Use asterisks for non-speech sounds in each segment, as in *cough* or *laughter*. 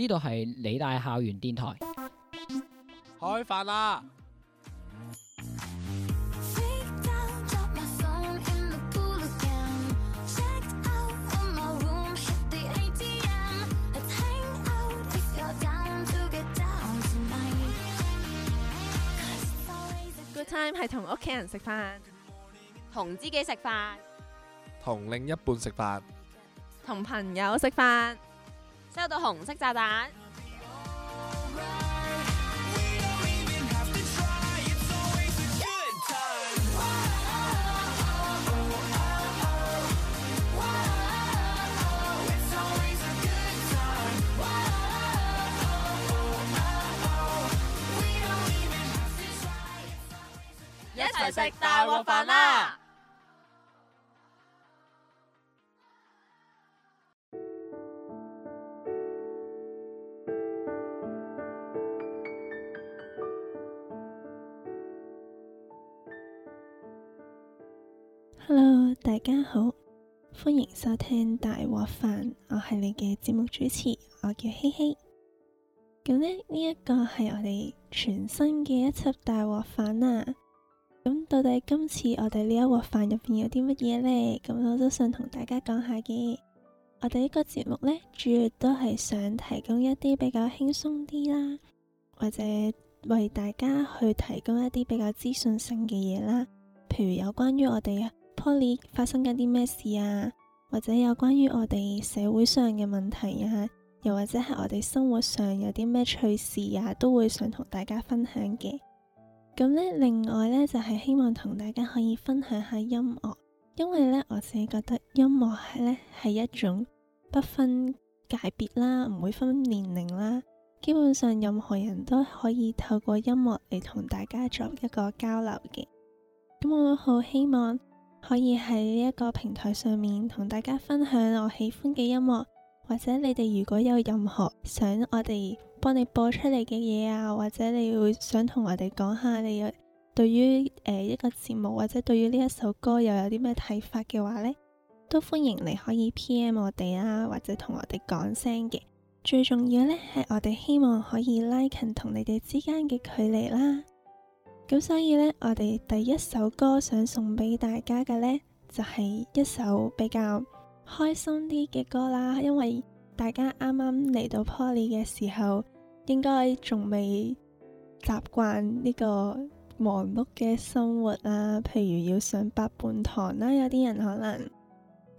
呢度係理大校園電台。開飯啦！Good time 係同屋企人食飯，同知己食飯，同另一半食飯，同朋友食飯。收到紅色炸彈，一齊食大鑊飯啦！大家好，歡迎收聽大鑊飯，我係你嘅節目主持，我叫希希。咁呢，呢一個係我哋全新嘅一輯大鑊飯啦。咁到底今次我哋呢一鑊飯入邊有啲乜嘢呢？咁我都想同大家講下嘅。我哋呢個節目呢，主要都係想提供一啲比較輕鬆啲啦，或者為大家去提供一啲比較資訊性嘅嘢啦，譬如有關於我哋。Poly 發生緊啲咩事啊？或者有關於我哋社會上嘅問題啊，又或者係我哋生活上有啲咩趣事啊，都會想同大家分享嘅。咁呢，另外呢，就係希望同大家可以分享下音樂，因為呢，我自己覺得音樂係呢係一種不分界別啦，唔會分年齡啦，基本上任何人都可以透過音樂嚟同大家作一個交流嘅。咁我都好希望。可以喺呢一個平台上面同大家分享我喜歡嘅音樂，或者你哋如果有任何想我哋幫你播出嚟嘅嘢啊，或者你會想同我哋講下你對於誒一個節目或者對於呢一首歌又有啲咩睇法嘅話呢，都歡迎你可以 PM 我哋啊，或者同我哋講聲嘅。最重要呢，係我哋希望可以拉近同你哋之間嘅距離啦。咁所以呢，我哋第一首歌想送俾大家嘅呢，就係一首比較開心啲嘅歌啦。因為大家啱啱嚟到 Poly 嘅時候，應該仲未習慣呢個忙碌嘅生活啦。譬如要上八半堂啦，有啲人可能，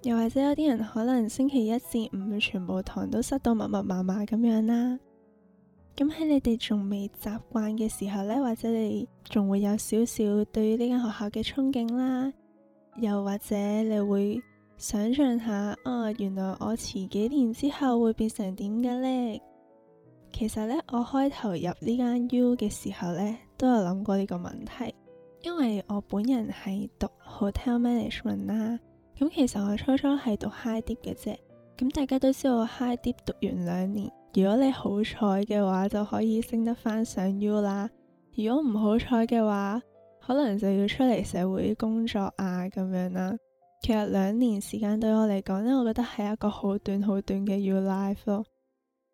又或者有啲人可能星期一至五全部堂都塞到密密麻麻咁樣啦。咁喺你哋仲未習慣嘅時候呢，或者你仲會有少少對於呢間學校嘅憧憬啦，又或者你會想象下，哦，原來我遲幾年之後會變成點嘅呢？其實呢，我開頭入呢間 U 嘅時候呢，都有諗過呢個問題，因為我本人係讀 hotel management 啦、啊。咁其實我初初係讀 high dip 嘅啫。咁大家都知道我，high dip 讀完兩年。如果你好彩嘅話，就可以升得翻上 U 啦。如果唔好彩嘅話，可能就要出嚟社會工作啊咁樣啦。其實兩年時間對我嚟講呢，我覺得係一個好短，很短、好短嘅 U life 咯。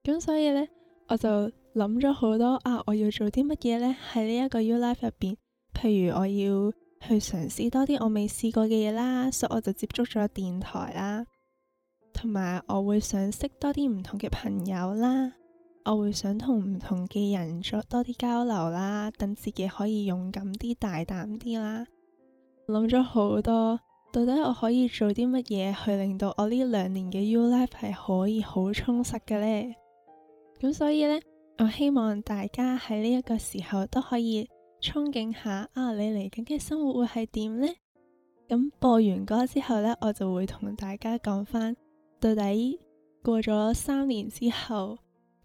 咁所以呢，我就諗咗好多啊，我要做啲乜嘢呢？喺呢一個 U life 入邊，譬如我要去嘗試多啲我未試過嘅嘢啦，所以我就接觸咗電台啦。同埋，我會想識多啲唔同嘅朋友啦，我會想同唔同嘅人做多啲交流啦，等自己可以勇敢啲、大膽啲啦。諗咗好多，到底我可以做啲乜嘢去令到我呢兩年嘅 U Life 係可以好充實嘅呢？咁所以呢，我希望大家喺呢一個時候都可以憧憬下啊，你嚟緊嘅生活會係點呢？咁播完歌之後呢，我就會同大家講翻。到底過咗三年之後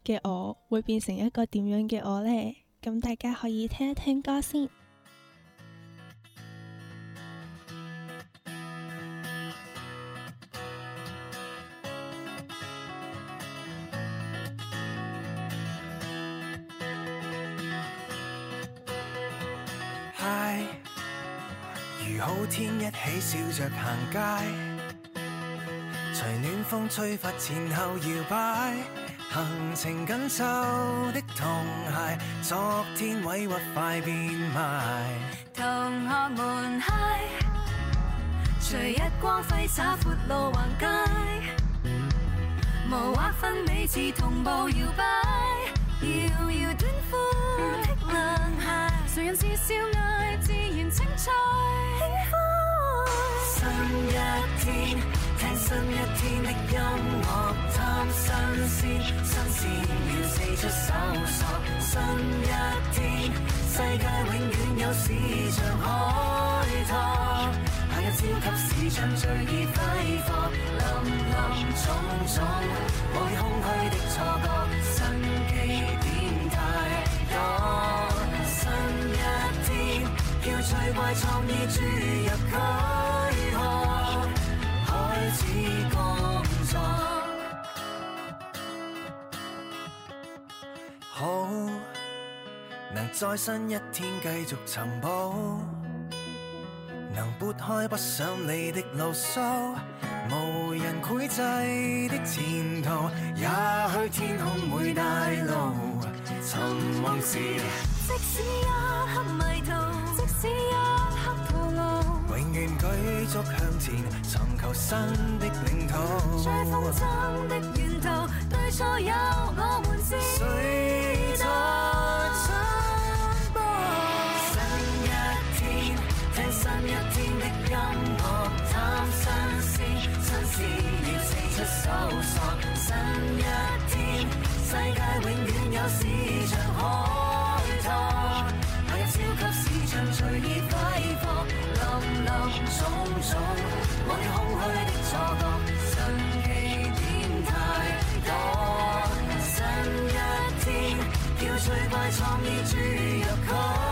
嘅我會變成一個點樣嘅我呢？咁大家可以聽一聽歌先。嗨，如好天一起笑着行街。隨暖風吹拂前後搖擺，行程緊收的童鞋，昨天委屈快變賣。同學們嗨，隨日光揮灑闊路橫街，無劃分彼此同步搖擺，搖搖短褲的涼鞋，誰人是笑眼自然青菜。新一天，聽新一天的音樂，貪新鮮，新鮮要四處搜索。新一天，世界永遠有市場開拓，下一朝超級市場最易揮霍，林林總總，我空虛的錯覺。最怪創意注入軀殼，開始工作。 *music* 好，能再新一天繼續尋寶，能撥開不想你的牢騷，無人管制的前途，也許天空會帶路。尋夢時， *music* 即使一刻追逐向前，尋求新的領土。追風箏的沿途，對錯有我們先，誰在唱歌。新一天，聽新一天的音樂，貪新鮮，新鮮要四出搜索。新一天，世界永遠有市場開拓。哪有超級市場隨意揮霍？種種，我與空虛的錯覺，神奇點太多。新一天叫最怪創意注入歌。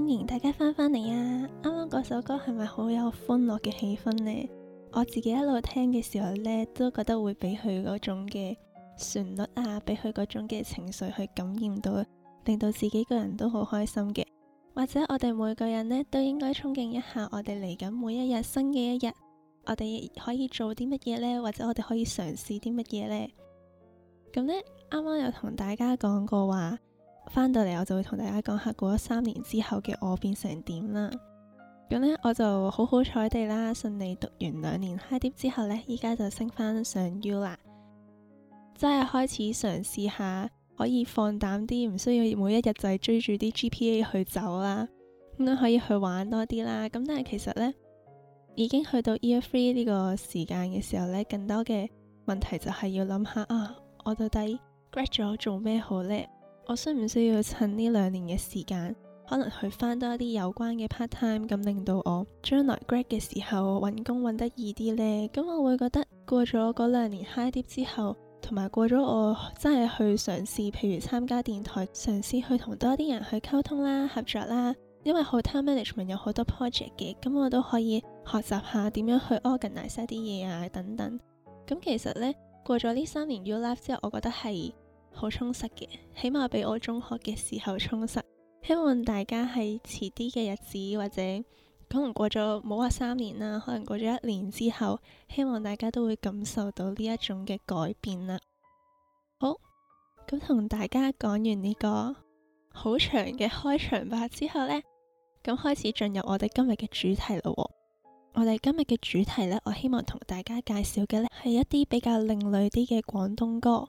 歡迎大家返返嚟啊！啱啱嗰首歌係咪好有歡樂嘅氣氛呢？我自己一路聽嘅時候呢，都覺得會俾佢嗰種嘅旋律啊，俾佢嗰種嘅情緒去感染到，令到自己個人都好開心嘅。或者我哋每個人呢都應該憧憬一下我一一，我哋嚟緊每一日新嘅一日，我哋可以做啲乜嘢呢？或者我哋可以嘗試啲乜嘢呢？咁呢，啱啱有同大家講過話。翻到嚟，我就會同大家講下過咗三年之後嘅我變成點啦。咁呢，我就好好彩地啦，順利讀完兩年 high dip 之後呢，依家就升翻上 U 啦，真係開始嘗試下可以放膽啲，唔需要每一日就係追住啲 GPA 去走啦。咁樣可以去玩多啲啦。咁但係其實呢，已經去到 year three 呢個時間嘅時候呢，更多嘅問題就係要諗下啊，我到底 grad 咗做咩好呢？我需唔需要趁呢兩年嘅時間，可能去翻多一啲有關嘅 part time，咁令到我將來 grad 嘅時候揾工揾得易啲呢？咁、嗯、我會覺得過咗嗰兩年 high 跌之後，同埋過咗我真係去嘗試，譬如參加電台，嘗試去同多啲人去溝通啦、合作啦。因為好 time management 有好多 project 嘅，咁、嗯、我都可以學習下點樣去 organize 啲嘢啊等等。咁、嗯、其實呢，過咗呢三年 U life 之後，我覺得係。好充實嘅，起碼比我中學嘅時候充實。希望大家喺遲啲嘅日子，或者可能過咗冇話三年啦，可能過咗一年之後，希望大家都會感受到呢一種嘅改變啦。好，咁同大家講完呢個好長嘅開場白之後呢，咁開始進入我哋今日嘅主題咯喎。我哋今日嘅主題呢，我希望同大家介紹嘅呢係一啲比較另類啲嘅廣東歌。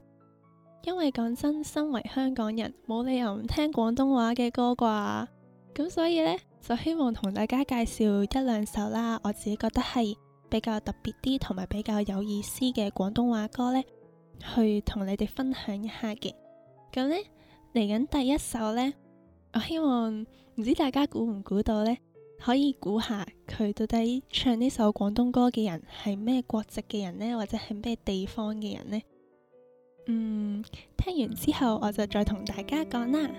因為講真，身為香港人，冇理由唔聽廣東話嘅歌啩。咁所以呢，就希望同大家介紹一兩首啦，我自己覺得係比較特別啲，同埋比較有意思嘅廣東話歌呢，去同你哋分享一下嘅。咁呢，嚟緊第一首呢，我希望唔知大家估唔估到呢，可以估下佢到底唱呢首廣東歌嘅人係咩國籍嘅人呢，或者係咩地方嘅人呢？嗯，聽完之後我就再同大家講啦。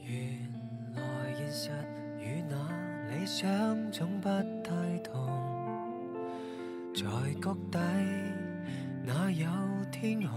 原來現實與那理想總不太同，在谷底那有天河？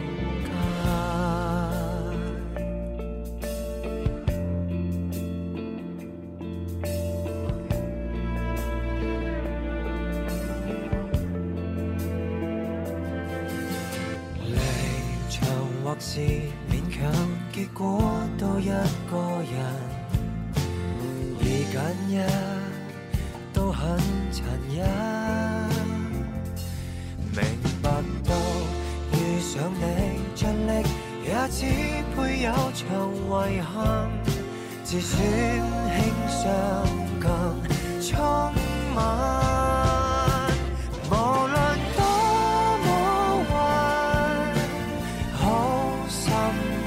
只配有場遺憾，自選輕傷更充滿。無論多麼壞，好心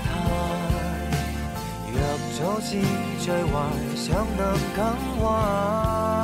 態。若早知最壞，尚能更壞。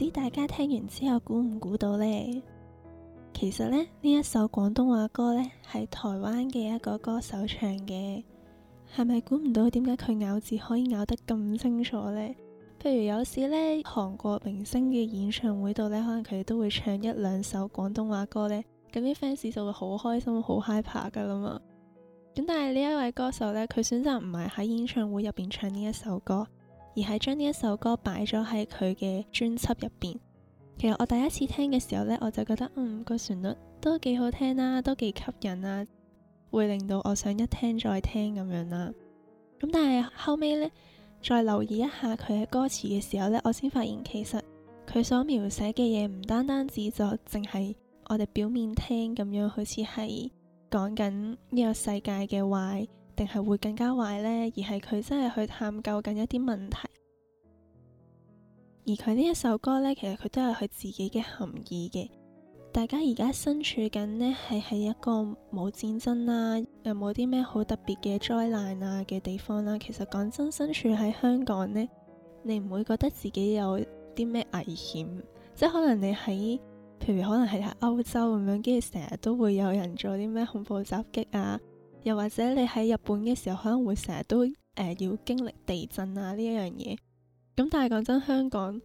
唔知大家聽完之後估唔估到呢？其實呢，呢一首廣東話歌呢，係台灣嘅一個歌手唱嘅，係咪估唔到點解佢咬字可以咬得咁清楚呢？譬如有時呢，韓國明星嘅演唱會度呢，可能佢哋都會唱一兩首廣東話歌呢。咁啲 fans 就會好開心、好 high 㗎啦嘛。咁但係呢一位歌手呢，佢選擇唔係喺演唱會入邊唱呢一首歌。而係將呢一首歌擺咗喺佢嘅專輯入邊。其實我第一次聽嘅時候呢，我就覺得嗯、個旋律都幾好聽啦，啊，都幾吸引啊，會令到我想一聽再聽咁樣啦。咁但係後尾呢，再留意一下佢嘅歌詞嘅時候呢，我先發現其實佢所描寫嘅嘢唔單單止就淨係我哋表面聽咁樣，好似係講緊呢個世界嘅壞，定係會更加壞呢？而係佢真係去探究緊一啲問題。而佢呢一首歌呢，其實佢都有佢自己嘅含義嘅。大家而家身處緊呢，係喺一個冇戰爭啦、啊，又冇啲咩好特別嘅災難啊嘅地方啦、啊。其實講真，身處喺香港呢，你唔會覺得自己有啲咩危險，即係可能你喺，譬如可能係喺歐洲咁樣，跟住成日都會有人做啲咩恐怖襲擊啊。又或者你喺日本嘅時候，可能會成日都誒、呃、要經歷地震啊呢一樣嘢。咁但係講真，香港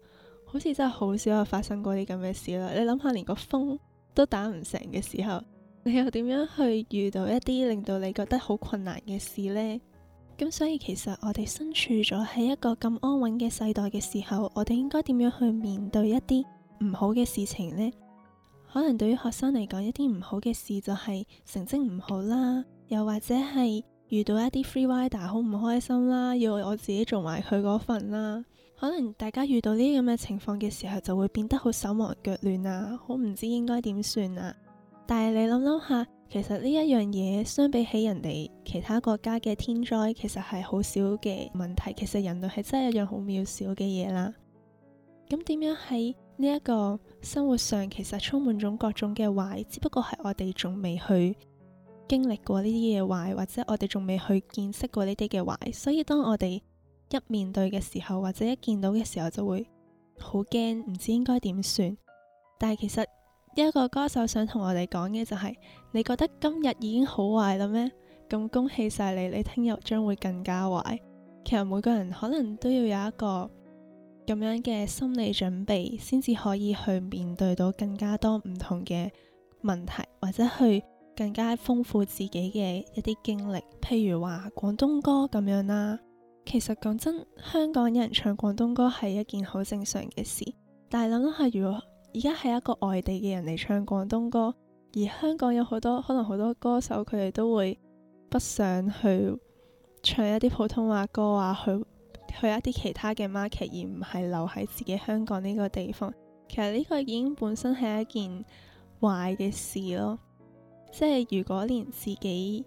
好似真係好少有發生過啲咁嘅事啦。你諗下，連個風都打唔成嘅時候，你又點樣去遇到一啲令到你覺得好困難嘅事呢？咁所以其實我哋身處咗喺一個咁安穩嘅世代嘅時候，我哋應該點樣去面對一啲唔好嘅事情呢？可能對於學生嚟講，一啲唔好嘅事就係成績唔好啦。又或者係遇到一啲 free rider 好唔開心啦，要我自己做埋佢嗰份啦。可能大家遇到呢啲咁嘅情況嘅時候，就會變得好手忙腳亂啊，好唔知應該點算啊。但係你諗諗下，其實呢一樣嘢相比起人哋其他國家嘅天災，其實係好少嘅問題。其實人類係真係一樣好渺小嘅嘢啦。咁點樣喺呢一個生活上，其實充滿種各種嘅壞，只不過係我哋仲未去經歷過呢啲嘢壞，或者我哋仲未去見識過呢啲嘅壞，所以當我哋一面對嘅時候，或者一見到嘅時候，就會好驚，唔知應該點算。但係其實一個歌手想同我哋講嘅就係，你覺得今日已經好壞啦咩？咁恭喜晒你，你聽日將會更加壞。其實每個人可能都要有一個咁樣嘅心理準備，先至可以去面對到更加多唔同嘅問題，或者去。更加豐富自己嘅一啲經歷，譬如話廣東歌咁樣啦，啊。其實講真，香港人唱廣東歌係一件好正常嘅事。但係諗一下，如果而家係一個外地嘅人嚟唱廣東歌，而香港有好多可能好多歌手佢哋都會不想去唱一啲普通話歌啊，去去一啲其他嘅 market，而唔係留喺自己香港呢個地方。其實呢個已經本身係一件壞嘅事咯。即係如果連自己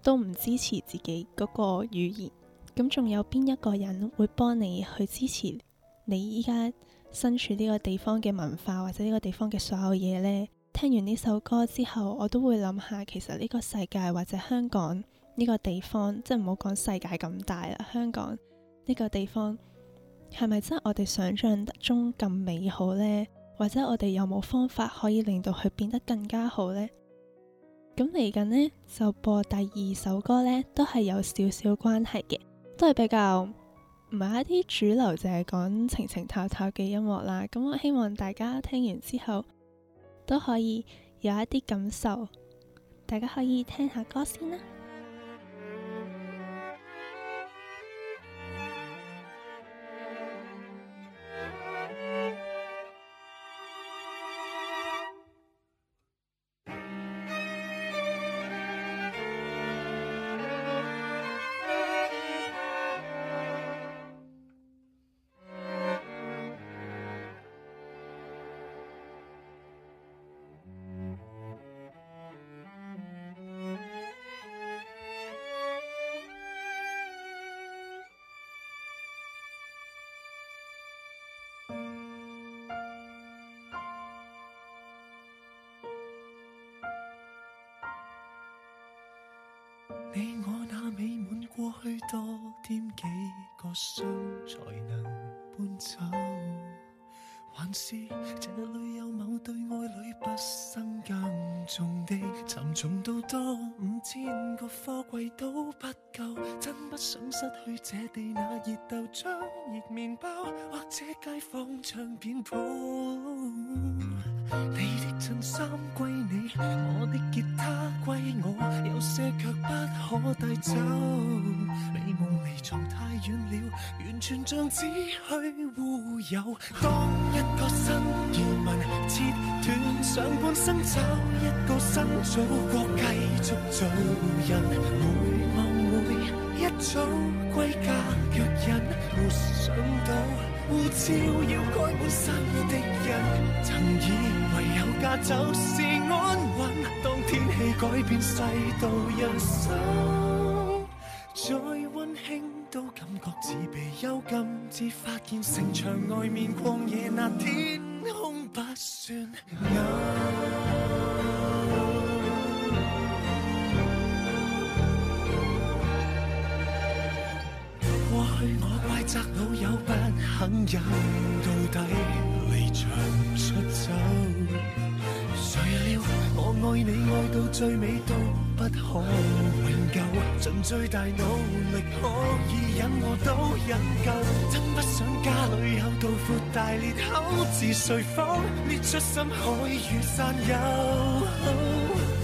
都唔支持自己嗰個語言，咁仲有邊一個人會幫你去支持你依家身處呢個地方嘅文化或者呢個地方嘅所有嘢呢？聽完呢首歌之後，我都會諗下，其實呢個世界或者香港呢個地方，即係唔好講世界咁大啦，香港呢個地方係咪真係我哋想象中咁美好呢？或者我哋有冇方法可以令到佢變得更加好呢？咁嚟緊呢，就播第二首歌呢，都係有少少關係嘅，都係比較唔係一啲主流，就係講情情透透嘅音樂啦。咁我希望大家聽完之後都可以有一啲感受，大家可以聽下歌先啦。你我那美滿過去多添幾個傷才能搬走， *noise* 還是這裏有某對愛侶不生更重的沉重到多五千個貨櫃都不夠，真不想失去這地那熱豆漿、熱麵包或者街坊唱片鋪。你的襯衫歸你，我的吉他歸我，有些卻不可帶走。美夢離藏太遠了，完全像子虛烏有。當一個新移民，切斷上半生，找一個新祖國繼續做人。每望每一早歸家，卻忍沒想到。護照要蓋滿失意的印，曾以為有家就是安穩。當天氣改變世道人生，再溫馨都感覺似被囚禁，至發現城牆外面曠野那天空不算暗。等人到底，離場出走。誰料我愛你愛到最尾都不可挽救，盡最大努力可以忍我都忍夠，真不想家裏有道闊大裂口，自誰方裂出深海與山丘。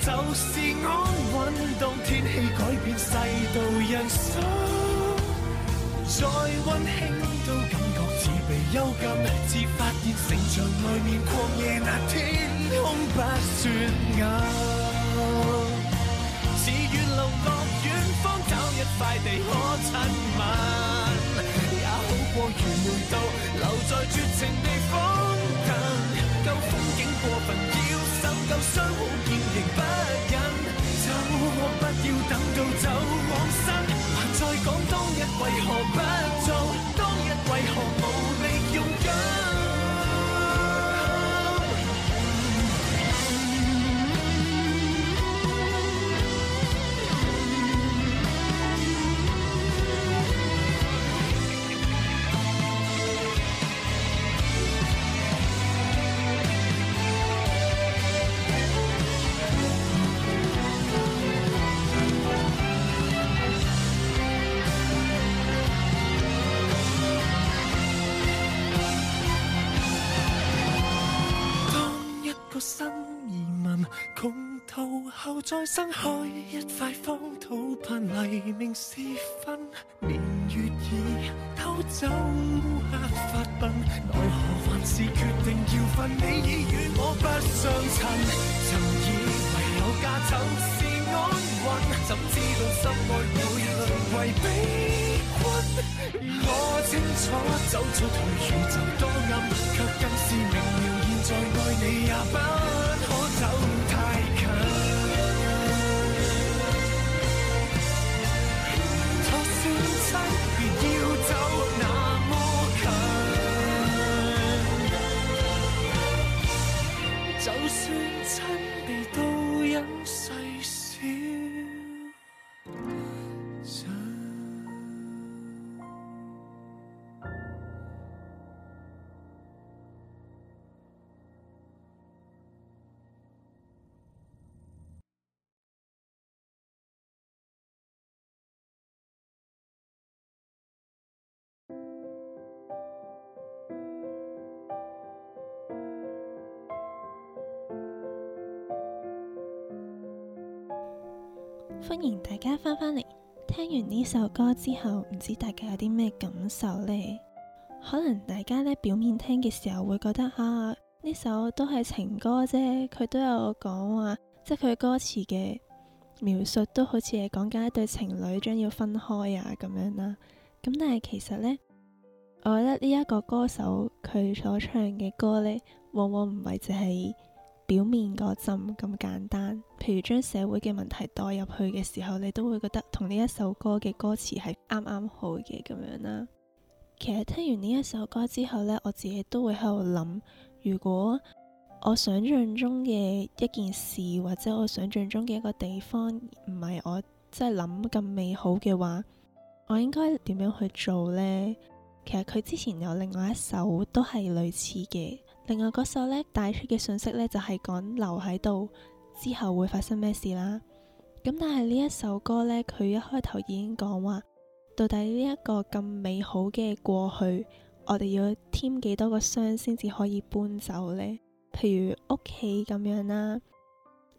就是安穩，當天氣改變，世道人心，再温馨都感覺似被囚禁，至發現城牆外面曠野那天空不算暗。自願流落遠方，找一塊地可親吻，也好過愚昧到留在絕情地方。舊風景過分，要修舊傷。要等到走往生，還再講當日為何不做，當日為何無？生開一塊荒土，盼黎明時分，年月已偷走黑髮鬢，奈何還是決定要分，你已與我不相襯。曾以為有家就是安穩，怎知道心愛會淪為被困。我清楚走出退路就多暗，卻更是明瞭現在愛你也不可走。歡迎大家翻返嚟，聽完呢首歌之後，唔知大家有啲咩感受呢？可能大家呢表面聽嘅時候會覺得啊，呢首都係情歌啫，佢都有講話，啊，即係佢歌詞嘅描述都好似係講緊一對情侶將要分開啊咁樣啦。咁但係其實呢，我覺得呢一個歌手佢所唱嘅歌呢，往往唔係就係、是。表面嗰針咁簡單，譬如將社會嘅問題代入去嘅時候，你都會覺得同呢一首歌嘅歌詞係啱啱好嘅咁樣啦。其實聽完呢一首歌之後呢，我自己都會喺度諗，如果我想象中嘅一件事或者我想象中嘅一個地方唔係我即係諗咁美好嘅話，我應該點樣去做呢？其實佢之前有另外一首都係類似嘅。另外嗰首咧帶出嘅信息咧就係講留喺度之後會發生咩事啦。咁但係呢一首歌咧，佢一開頭已經講話到底呢一個咁美好嘅過去，我哋要添幾多個箱先至可以搬走呢？譬如屋企咁樣啦，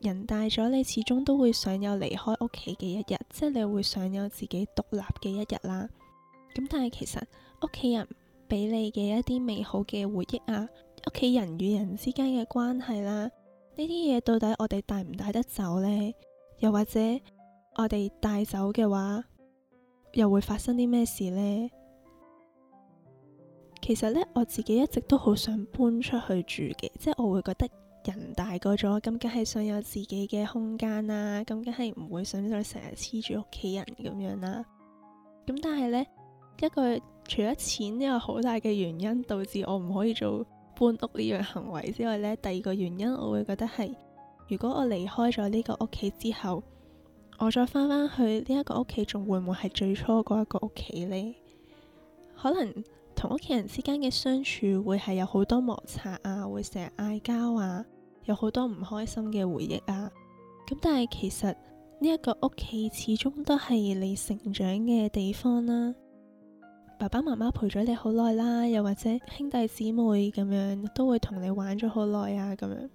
人大咗，你始終都會想有離開屋企嘅一日，即係你會想有自己獨立嘅一日啦。咁但係其實屋企人俾你嘅一啲美好嘅回憶啊。屋企人與人之間嘅關係啦，呢啲嘢到底我哋帶唔帶得走呢？又或者我哋帶走嘅話，又會發生啲咩事呢？其實呢，我自己一直都好想搬出去住嘅，即係我會覺得人大個咗，咁梗係想有自己嘅空間啦，咁梗係唔會想再成日黐住屋企人咁樣啦。咁但係呢，一個除咗錢呢個好大嘅原因，導致我唔可以做。搬屋呢樣行為之外呢，第二個原因我會覺得係，如果我離開咗呢個屋企之後，我再翻返去呢、這個、一個屋企，仲會唔會係最初嗰一個屋企呢？可能同屋企人之間嘅相處會係有好多摩擦啊，會成日嗌交啊，有好多唔開心嘅回憶啊。咁但係其實呢一、這個屋企始終都係你成長嘅地方啦、啊。爸爸媽媽陪咗你好耐啦，又或者兄弟姊妹咁樣都會同你玩咗好耐啊，咁樣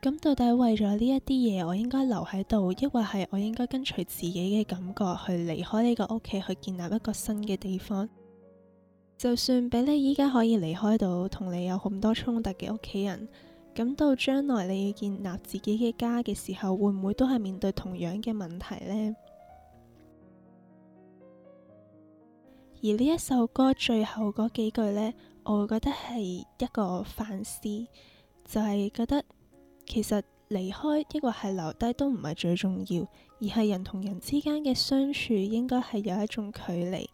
咁到底為咗呢一啲嘢，我應該留喺度，抑或係我應該跟隨自己嘅感覺去離開呢個屋企，去建立一個新嘅地方？就算俾你依家可以離開到同你有咁多衝突嘅屋企人，咁到將來你要建立自己嘅家嘅時候，會唔會都係面對同樣嘅問題呢？而呢一首歌最後嗰幾句呢，我會覺得係一個反思，就係覺得其實離開抑或係留低都唔係最重要，而係人同人之間嘅相處應該係有一種距離。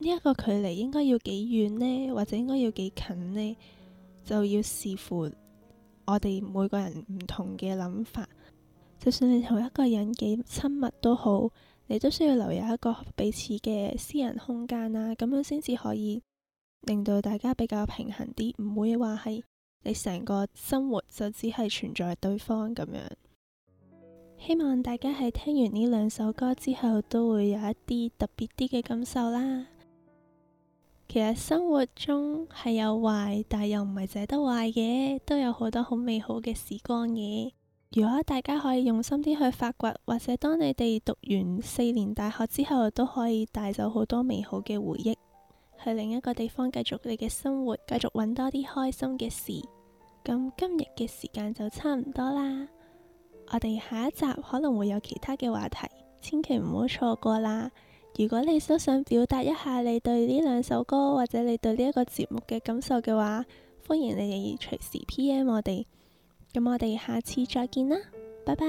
呢一個距離應該要幾遠呢？或者應該要幾近呢？就要視乎我哋每個人唔同嘅諗法。就算你同一個人幾親密都好。你都需要留有一個彼此嘅私人空間啊，咁樣先至可以令到大家比較平衡啲，唔會話係你成個生活就只係存在對方咁樣。希望大家係聽完呢兩首歌之後，都會有一啲特別啲嘅感受啦。其實生活中係有壞，但又唔係淨係得壞嘅，都有好多好美好嘅時光嘅。如果大家可以用心啲去發掘，或者當你哋讀完四年大學之後，都可以帶走好多美好嘅回憶，去另一個地方繼續你嘅生活，繼續揾多啲開心嘅事。咁今日嘅時間就差唔多啦，我哋下一集可能會有其他嘅話題，千祈唔好錯過啦。如果你都想表達一下你對呢兩首歌，或者你對呢一個節目嘅感受嘅話，歡迎你哋隨時 PM 我哋。咁我哋下次再見啦，拜拜。